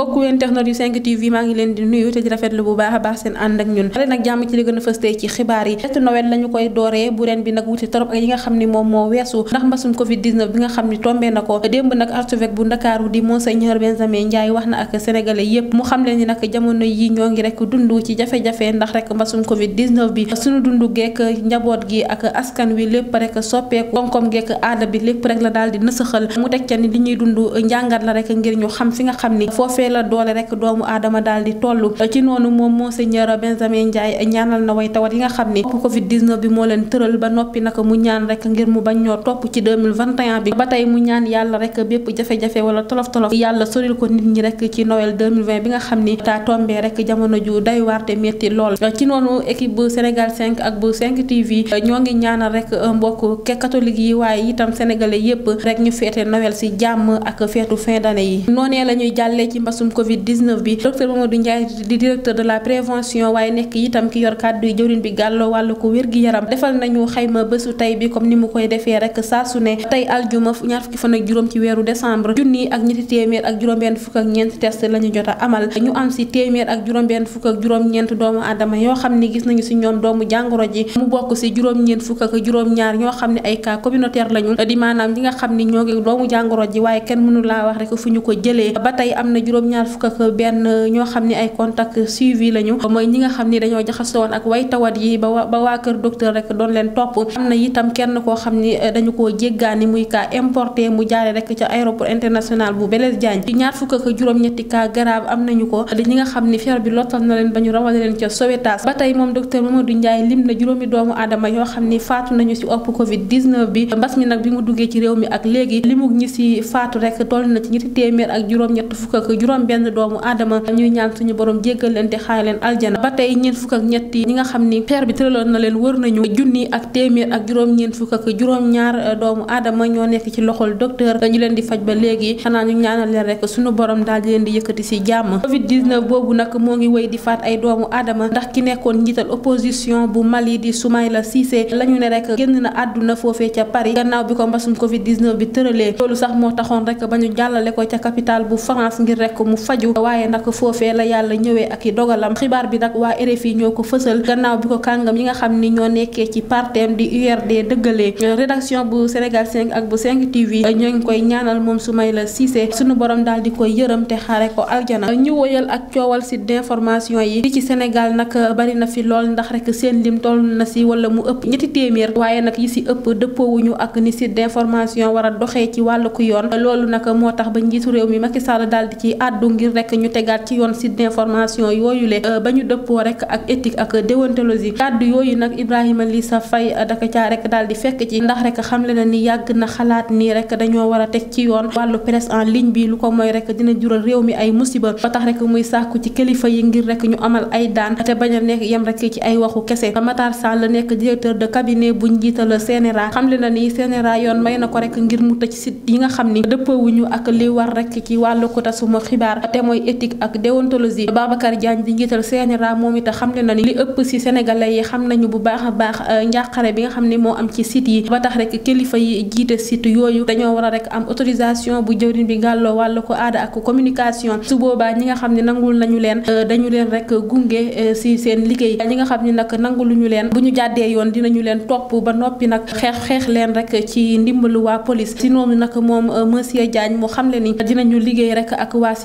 mbokku internet yu 5 TV maa ngi leen di nuyu te di rafetlu bu baax a baax seen ànd ak ñun xale nag jàmm ci li gën a ci xibaar yi fetu Noël la koy dooree bu ren bi nag wuti torop ak yi nga xam ni moom moo weesu ndax mbasum covid 19 bi nga xam ni tombee na ko démb nag archevêque bu ndakaaru di monseigneur Benjamin Ndiaye wax na ak sénégalais yépp mu xam leen ni nag jamono yi ñoo ngi rek dund ci jafe-jafe ndax rek mbasum covid 19 gi ak askan wi lépp rek soppeeku koom-koom geek aada bi lépp rek la daal di nësaxal mu teg dund njàngat la la doole rek doomu aadama daal di toll ci noonu moom monseigneur Benjamin Ndiaye ñaanal na way tawat yi nga xam ni covid 19 bi moo leen tëral ba noppi nag mu ñaan rek ngir mu bañ ñoo topp ci 2021 bi ba tey mu ñaan yàlla rek bépp jafe-jafe wala tolof-tolof yàlla soril ko nit ñi rek ci Noël 2020 bi nga xam ni daa tombee rek jamono ju day warte métti lool ci noonu équipe bu Sénégal 5 ak bu 5 TV ñoo ngi ñaanal rek mbokk ke catholique yi waaye itam sénégalais yépp rek ñu feete Noël si jàmm ak feetu fin yi noonee la jàllee ci mbas mbasum Covid 19 bi docteur Mamadou Ndiaye di directeur de la prévention waaye nekk itam ki yor kàddu yi bi gàlloo wàllu ko wér gi yaram defal nañu xayma bésu tey bi comme ni mu koy defee rek saa su ne tey aljuma ñaar fukki fan juróom ci weeru décembre junni ak ñetti téeméer ak juróom-benn fukk ak la ñu jot a amal ñu am si téeméer ak juróom-benn ñeent doomu aadama yoo xam ni gis nañu si ñoom doomu jàngoro ji mu bokk si juróom-ñeent fukk ak juróom-ñaar ñoo xam ne ay cas communautaire lañu di maanaam ñi nga xam ni ñoo ngi doomu jàngoro ji waaye kenn mënu laa wax rek fu ñu ko jëlee juróom-ñaar fukk ak benn ñoo xam ni ay contact suivi lañu mooy ñi nga xam ni dañoo jaxasoo ak way yi ba waa kër docteur rek doon leen topp am na itam eh, mu jaare rek ca aéroport international bu Blaise nga xam ni feer bi lottal na leen ba ñu rawale ca Sowétas ba tey moom docteur Mamadou Ndiaye lim na juróomi doomu aadama yoo xam ni faatu nañu si opp covid bi mbas mi nag bi mu duggee ci réew mi ak léegi limug ñi si faatu rek toll na ci ñetti téeméer ak juróom-ñett fukk ak juróom benn doomu aadama ñuy ñaan suñu borom jéggal leen te xaar leen aljana ba tey ñeent fukk ak ñetti ñi nga xam ni xeer bi tëraloon na leen wër nañu junni ak téeméer ak juróom ñeent fukk ak juróom ñaar eh, doomu aadama ñoo nekk ci loxol docteur dañu eh, leen di faj ba léegi xanaa ñu ñaanal leen rek suñu borom daal di leen di yëkkati si jàmm covid 19 boobu nag moo ngi wéy di faat ay doomu adama ndax ki nekkoon njiital opposition bu Mali di Soumaïla Cissé lañu ne rek génn na àdduna foofee ca Paris gannaaw bi ko mbasum covid 19 bi tëralee loolu sax moo taxoon rek ba ñu jàllale ko mu faju waaye nag foofee la yàlla ñëwee ak i dogalam xibaar bi nag waa RFI ñoo ko fësal gannaaw bi ko kàngam yi nga xam ni ñoo nekkee ci partem di URD dëggalee rédaction bu Sénégal 5 ak bu 5 TV ñoo ngi koy ñaanal moom su Soumaïla Cissé sunu borom daal di koy yërëm te xaare ko aljana ñu woyal ak coowal site d'information yi li ci Sénégal nag bari na fi lool ndax rek seen lim toll na si wala mu ëpp ñetti téeméer waaye nag yi si ëpp dëppoowuñu ak ni site a àddu ngir rek ñu tegaat ci yoon site d'information yooyu le euh, ba ñu dëppoo rek ak éthique ak déontologie kàddu yooyu nag Ibrahima Lissa euh, ndax rek xamle na ni yàgg na xalaat nii rek dañoo war a teg ci yoon wàllu presse en ligne bi lu ko mooy rek dina jural réew mi ay musiba ba tax rek muy sàkku ci kilifa yi ngir rek ñu amal ay daan te bañ a nekk yem rek ci ay waxu kese Matar Sall nekk directeur de cabinet bu njiital CNRA xamle na ni CNRA yoon may na ko rek ngir mu tëj site yi nga xam ni dëppawuñu ak li war rek ci wàllu ko tasuma xibaar xibaar te mooy éthique ak déontologie Babacar Diagne di njiital CNRA moom it xamle na ni li ëpp ci sénégalais yi xam nañu bu baax a baax euh, njàqare bi nga xam ne moo am ci site yi ba tax rek kilifa yi jiite site yooyu dañoo war a rek am autorisation bu jëwriñ bi gàlloo wàllu ko aada ak communication su boobaa ñi nga xam ne nangul nañu leen euh, dañu leen rek gunge euh, ci seen liggéey ñi nga xam ne nag ñu leen bu ñu jàddee yoon dinañu leen topp ba noppi nag xeex xeex leen rek ci ndimbalu waa ci noonu nag moom monsieur Diagne mu xamle ni dinañu liggéey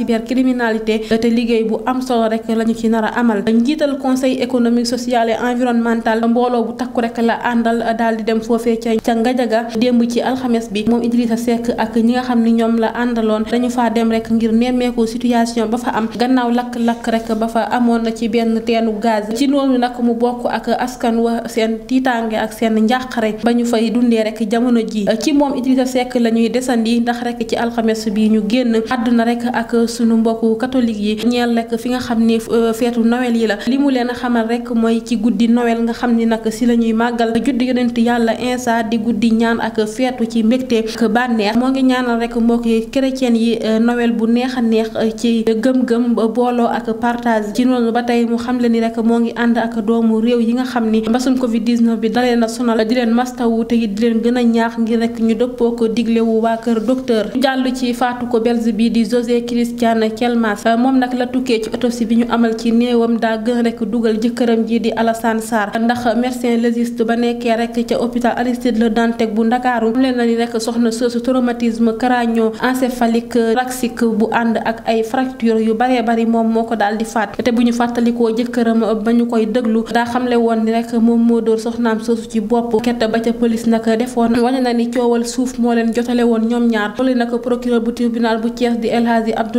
cybercriminalité te liggéey bu am solo rek la ñu ci nar a amal njiital conseil économique social et environnemental mbooloo bu takku rek la àndal daal di dem foofee ca ca Ngajaga démb ci alxames bi moom Idrissa Seck ak ñi nga xam ni ñoom la àndaloon dañu faa dem rek ngir nemmeeku situation ba fa am gannaaw lakk-lakk rek ba fa amoon na ci benn teenu gaz ci noonu nag mu bokk ak askan wa seen tiitaange ak seen njàqare ba ñu fay dundee rek jamono ji ci moom Idrissa la ñuy desandi ndax rek ci alxames bi ñu génn àdduna rek ak sunu mbokku catholique yi ñeel rek fi nga xam ni euh, feetu Noël yi la li mu leen xamal rek mooy ci guddi Noël nga xam ni nak si la ñuy màggal juddi yonent yàlla Insa di guddi ñaan ak feetu ci mbégte ak moo ngi ñaanal rek mbokki chrétien yi euh, Noël bu neex a euh, ci gëm-gëm booloo ak partage ci noonu ba tey mu xam le ni rek moo ngi ànd ak doomu réew yi nga xam ni mbasum Covid 19 bi dalee na sonal di leen mastawu te di leen gën a ñaax ngir rek ñu dëppoo ko diglewu waa kër docteur jàll ci faatu ko belge bi di José Christian Diagne Thielmas moom nag la tukkee ci autopsie bi ñu amal ci néewam daa gën rek dugal jëkkëram ji di Alassane Sarr ndax médecin légiste ba nekkee rek ca hôpital Aristide Le Dantec bu Ndakaaru mu leen na ni rek soxna soosu traumatisme crânio-encéphalique thoracique bu ànd ak ay fracture yu baree bari moom moo ko daal di faat te bu ñu fàttalikoo jëkkëram ba ñu koy déglu daa xamle woon ni rek moom moo dóor soxnaam soosu ci bopp kett ba ca police nag defoon wane na ni coowal suuf moo leen jotale woon ñoom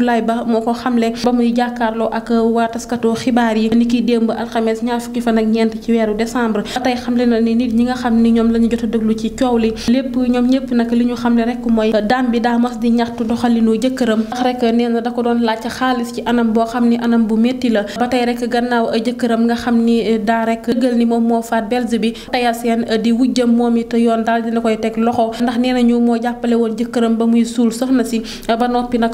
Abdoulaye Ba moo ko xamle ba muy jàkkaarloo ak waa taskatu xibaar yi ni kiy démb alxames ñaar fukki fan ak ñeent ci weeru décembre tey xamle na ni nit ñi nga xam ni ñoom la ñu jot a déglu ci coow li lépp ñoom ñëpp nag li ñu xamle rek mooy daam bi daa mas di ñaxtu doxalinu jëkkëram ndax rek nee na da ko doon laaj xaalis ci anam boo xam ni anam bu métti la ba tey rek gannaaw jëkkëram nga xam ni daa rek dëggal ni moom moo faat belge bi taya seen di wujjam moom te yoon daal dina koy teg loxo ndax nee nañu moo jàppale woon jëkkëram ba muy suul soxna si ba noppi nag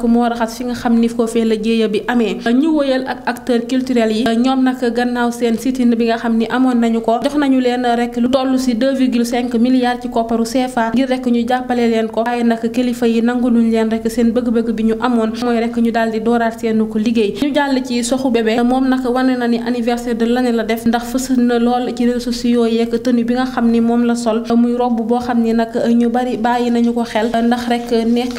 xam ni foofee la jéeya bi amee ñu woyal ak acteurs culturels yi ñoom nag gannaaw seen sitin bi nga xam ni amoon nañu ko jox nañu leen rek lu toll si 2,5 milliards ci kopparu CFA ngir rek ñu jàppale leen ko waaye nag kilifa yi nanguluñ leen rek seen bëgg-bëgg bi ñu amoon mooy rek ñu daal di dooraat seenu ko liggéey ñu jàll ci soxu bébé moom nag wane na ni anniversaire de l'année la def ndax fës na lool ci réseaux sociaux yeeg tenue bi nga xam ni moom la sol muy robb boo xam ni nag ñu bari bàyyi nañu ko xel ndax rek nekk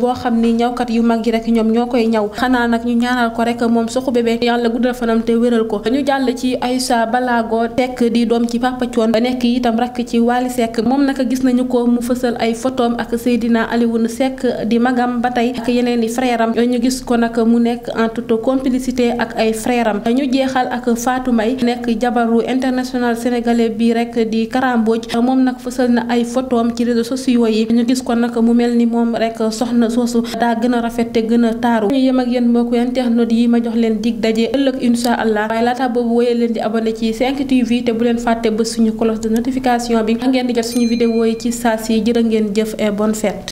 boo xam ni ñawkat yu mag yi rek ñoom ñoom ñoo koy ñaw xanaa nag ñu ñaanal ko rek moom Soxu Bébé yàlla guddal fanam te wéral ko ñu jàll ci Aïssa Balago tekk di doom ci Papa ba nekk itam rek ci Wally Seck moom naka gis nañu ko mu fësal ay photom ak Seydina Alioune Seck di magam ba tey ak yeneen i frère am ñu gis ko nag mu nekk en toute ak ay frère dañu jeexal ak faatu Mbaye nekk jabaru international sénégalais bi rek di Karamboj moom nag fësal na ay photom ci réseaux sociaux yi ñu gis ko nag mu mel ni moom rek soxna soosu daa gën a rafet te gën taaru ñu yem ak yéen mbokku internet yi ma jox leen dig daje ëllëg incha allah waaye laata boobu woyee leen di abonné ci 5TV te bu leen fàtte ba suñu cloche de notification bi ngeen di jot suñu vidéo yi ci saa si jërë ngeen jëf et bonne fête